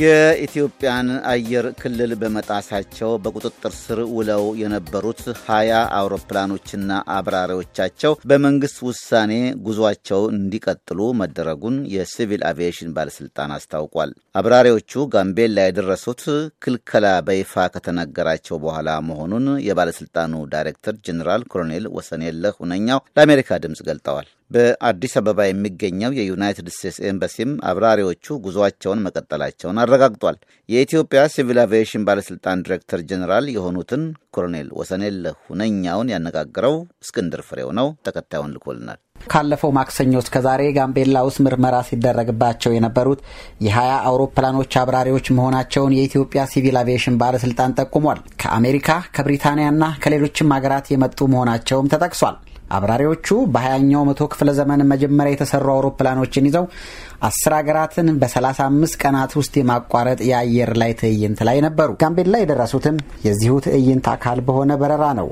የኢትዮጵያን አየር ክልል በመጣሳቸው በቁጥጥር ስር ውለው የነበሩት ሀያ አውሮፕላኖችና አብራሪዎቻቸው በመንግሥት ውሳኔ ጉዟቸው እንዲቀጥሉ መደረጉን የሲቪል አቪዬሽን ባለሥልጣን አስታውቋል። አብራሪዎቹ ጋምቤላ የደረሱት ክልከላ በይፋ ከተነገራቸው በኋላ መሆኑን የባለሥልጣኑ ዳይሬክተር ጀኔራል ኮሎኔል ወሰንየለህ ሁነኛው ለአሜሪካ ድምፅ ገልጠዋል። በአዲስ አበባ የሚገኘው የዩናይትድ ስቴትስ ኤምባሲም አብራሪዎቹ ጉዞአቸውን መቀጠላቸውን አረጋግጧል። የኢትዮጵያ ሲቪል አቪዬሽን ባለሥልጣን ዲሬክተር ጀኔራል የሆኑትን ኮሎኔል ወሰኔል ሁነኛውን ያነጋግረው እስክንድር ፍሬው ነው። ተከታዩን ልኮልናል። ካለፈው ማክሰኞ እስከ ዛሬ ጋምቤላ ውስጥ ምርመራ ሲደረግባቸው የነበሩት የሀያ አውሮፕላኖች አብራሪዎች መሆናቸውን የኢትዮጵያ ሲቪል አቪዬሽን ባለስልጣን ጠቁሟል። ከአሜሪካ ከብሪታንያና ከሌሎችም ሀገራት የመጡ መሆናቸውም ተጠቅሷል። አብራሪዎቹ በሀያኛው መቶ ክፍለ ዘመን መጀመሪያ የተሰሩ አውሮፕላኖችን ይዘው አስር ሀገራትን በ35 ቀናት ውስጥ የማቋረጥ የአየር ላይ ትዕይንት ላይ ነበሩ። ጋምቤላ የደረሱትም የዚሁ ትዕይንት አካል በሆነ በረራ ነው።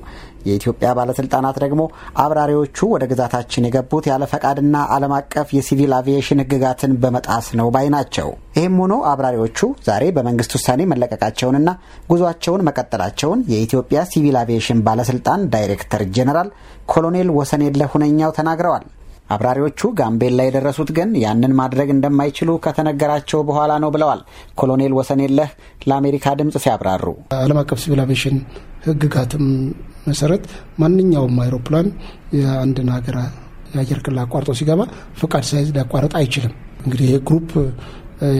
የኢትዮጵያ ባለስልጣናት ደግሞ አብራሪዎቹ ወደ ግዛታችን የገቡት ያለ ፈቃድና ዓለም አቀፍ የሲቪል አቪዬሽን ሕግጋትን በመጣስ ነው ባይ ናቸው። ይህም ሆኖ አብራሪዎቹ ዛሬ በመንግስት ውሳኔ መለቀቃቸውንና ጉዟቸውን መቀጠላቸውን የኢትዮጵያ ሲቪል አቪዬሽን ባለስልጣን ዳይሬክተር ጄኔራል ኮሎኔል ወሰኔለ ሁነኛው ተናግረዋል። አብራሪዎቹ ጋምቤላ የደረሱት ግን ያንን ማድረግ እንደማይችሉ ከተነገራቸው በኋላ ነው ብለዋል ኮሎኔል ወሰኔለህ ለአሜሪካ ድምፅ ሲያብራሩ። ዓለም አቀፍ ሲቪል አቪዬሽን ሕግጋትም መሰረት ማንኛውም አይሮፕላን የአንድን ሀገር የአየር ክልል አቋርጦ ሲገባ ፈቃድ ሳይዝ ሊያቋርጥ አይችልም። እንግዲህ ይህ ግሩፕ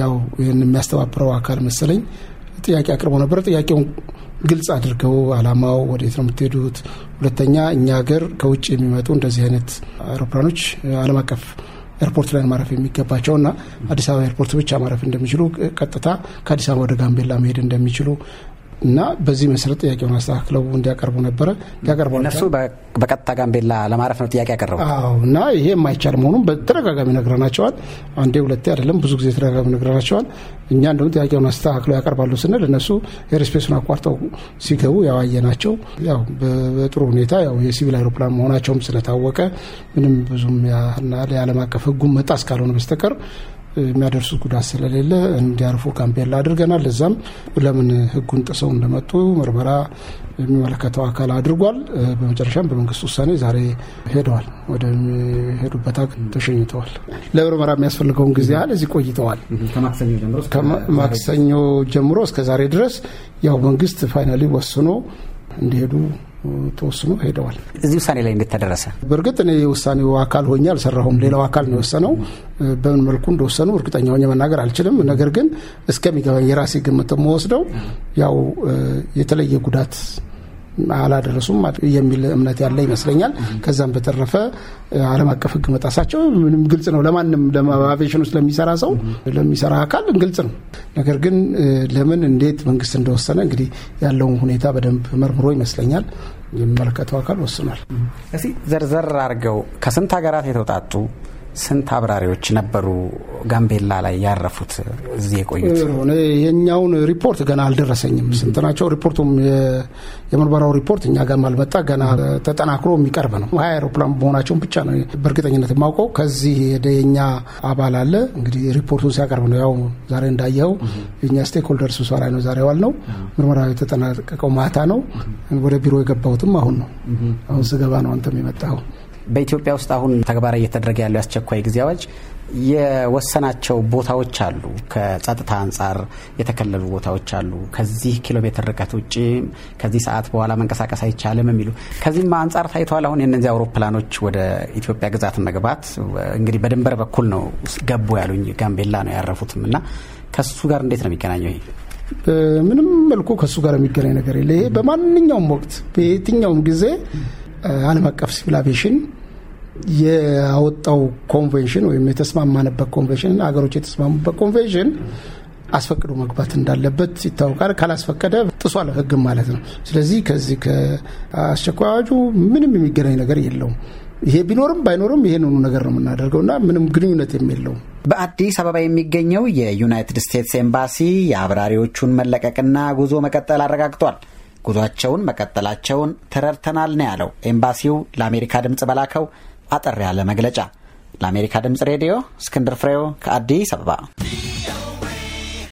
ያው ይህን የሚያስተባብረው አካል መሰለኝ ጥያቄ አቅርቦ ነበረ። ጥያቄውን ግልጽ አድርገው አላማው ወዴት ነው የምትሄዱት። ሁለተኛ እኛ ሀገር ከውጭ የሚመጡ እንደዚህ አይነት አውሮፕላኖች አለም አቀፍ ኤርፖርት ላይ ማረፍ እና አዲስ አበባ ኤርፖርት ብቻ ማረፍ እንደሚችሉ ቀጥታ ከአዲስ አበባ ወደ ጋምቤላ መሄድ እንደሚችሉ እና በዚህ መሰረት ጥያቄውን አስተካክለው እንዲያቀርቡ ነበረ እንዲያቀርቡ እነሱ በቀጥታ ጋምቤላ ለማረፍ ነው ጥያቄ ያቀረቡ። አዎ እና ይሄ የማይቻል መሆኑን በተደጋጋሚ ነግረናቸዋል። አንዴ ሁለቴ አይደለም ብዙ ጊዜ ተደጋጋሚ ነግረናቸዋል። እኛ እንደሁም ጥያቄውን አስተካክለው ያቀርባሉ ስንል እነሱ ኤርስፔሱን አቋርጠው ሲገቡ ያዋየ ናቸው። ያው በጥሩ ሁኔታ ያው የሲቪል አይሮፕላን መሆናቸውም ስለታወቀ ምንም ብዙም ያና የዓለም አቀፍ ህጉም መጣስ ካልሆነ በስተቀር የሚያደርሱት ጉዳት ስለሌለ እንዲያርፉ ካምፔላ አድርገናል። እዛም ለምን ህጉን ጥሰው እንደመጡ ምርመራ የሚመለከተው አካል አድርጓል። በመጨረሻም በመንግስት ውሳኔ ዛሬ ሄደዋል፣ ወደሚሄዱበት ተሸኝተዋል። ለምርመራ የሚያስፈልገውን ጊዜ ያህል እዚህ ቆይተዋል። ከማክሰኞ ጀምሮ እስከ ዛሬ ድረስ ያው መንግስት ፋይናሊ ወስኖ እንዲሄዱ ተወስኖ ሄደዋል። እዚህ ውሳኔ ላይ እንዴት ተደረሰ? በእርግጥ እኔ የውሳኔው አካል ሆኜ አልሰራሁም። ሌላው አካል ነው የወሰነው። በምን መልኩ እንደወሰኑ እርግጠኛ ሆኜ መናገር አልችልም። ነገር ግን እስከሚገባኝ የራሴ ግምት የምወስደው ያው የተለየ ጉዳት አላደረሱም የሚል እምነት ያለ ይመስለኛል። ከዛም በተረፈ ዓለም አቀፍ ሕግ መጣሳቸው ምንም ግልጽ ነው ለማንም ለአቪዬሽን ውስጥ ለሚሰራ ሰው ለሚሰራ አካል ግልጽ ነው። ነገር ግን ለምን እንዴት መንግስት እንደወሰነ እንግዲህ ያለውን ሁኔታ በደንብ መርምሮ ይመስለኛል የሚመለከተው አካል ወስኗል። እስኪ ዘርዘር አድርገው ከስንት ሀገራት የተውጣጡ ስንት አብራሪዎች ነበሩ ጋምቤላ ላይ ያረፉት እዚህ የቆዩት? የኛውን ሪፖርት ገና አልደረሰኝም። ስንት ናቸው? ሪፖርቱም የምርመራው ሪፖርት እኛ ጋር አልመጣ። ገና ተጠናክሮ የሚቀርብ ነው። ሀያ አውሮፕላን መሆናቸውን ብቻ ነው በእርግጠኝነት የማውቀው። ከዚህ ሄደ የኛ አባል አለ እንግዲህ ሪፖርቱን ሲያቀርብ ነው። ያው ዛሬ እንዳየኸው የኛ ስቴክሆልደር ስብሰባ ላይ ነው ዛሬ ዋል ነው። ምርመራው የተጠናቀቀው ማታ ነው። ወደ ቢሮ የገባሁትም አሁን ነው። አሁን ስገባ ነው አንተም የመጣኸው። በኢትዮጵያ ውስጥ አሁን ተግባራዊ እየተደረገ ያለው የአስቸኳይ ጊዜ አዋጅ የወሰናቸው ቦታዎች አሉ። ከጸጥታ አንጻር የተከለሉ ቦታዎች አሉ። ከዚህ ኪሎ ሜትር ርቀት ውጭ ከዚህ ሰዓት በኋላ መንቀሳቀስ አይቻልም የሚሉ ከዚህም አንጻር ታይተዋል። አሁን የእነዚህ አውሮፕላኖች ወደ ኢትዮጵያ ግዛት መግባት እንግዲህ በድንበር በኩል ነው ገቡ ያሉኝ ጋምቤላ ነው ያረፉትም እና ከሱ ጋር እንዴት ነው የሚገናኘው ይሄ? በምንም መልኩ ከእሱ ጋር የሚገናኝ ነገር የለ። ይሄ በማንኛውም ወቅት በየትኛውም ጊዜ ዓለም አቀፍ ሲቪል አቪዬሽን ያወጣው ኮንቬንሽን ወይም የተስማማንበት ኮንቬንሽን አገሮች የተስማሙበት ኮንቬንሽን አስፈቅዶ መግባት እንዳለበት ይታወቃል። ካላስፈቀደ ጥሷል ሕግም ማለት ነው። ስለዚህ ከዚህ ከአስቸኳይ አዋጁ ምንም የሚገናኝ ነገር የለውም። ይሄ ቢኖርም ባይኖርም ይሄንኑ ነገር ነው የምናደርገው እና ምንም ግንኙነት የለውም። በአዲስ አበባ የሚገኘው የዩናይትድ ስቴትስ ኤምባሲ የአብራሪዎቹን መለቀቅና ጉዞ መቀጠል አረጋግጧል። ጉዟቸውን መቀጠላቸውን ተረድተናል ነው ያለው ኤምባሲው ለአሜሪካ ድምፅ በላከው አጠር ያለ መግለጫ። ለአሜሪካ ድምፅ ሬዲዮ እስክንድር ፍሬው ከአዲስ አበባ